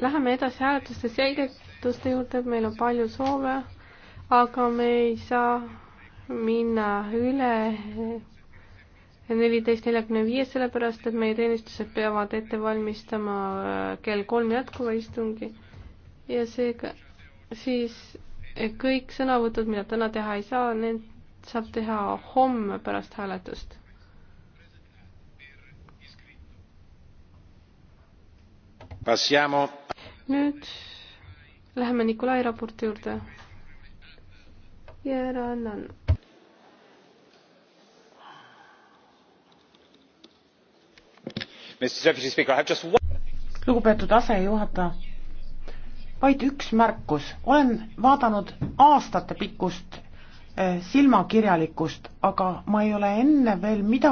Läheme edasi hääletuste selgituste juurde, meil on palju soove, aga me ei saa minna üle neliteist neljakümne viies, sellepärast et meie teenistused peavad ette valmistama äh, kell kolm jätkuva istungi ja seega siis äh, kõik sõnavõtud, mida täna teha ei saa, need saab teha homme pärast hääletust Passiamo... nüüd läheme Nikolai raporti juurde. ja ära annan. lugupeetud asejuhataja, vaid üks märkus, olen vaadanud aastatepikkust eh, silmakirjalikkust, aga ma ei ole enne veel midagi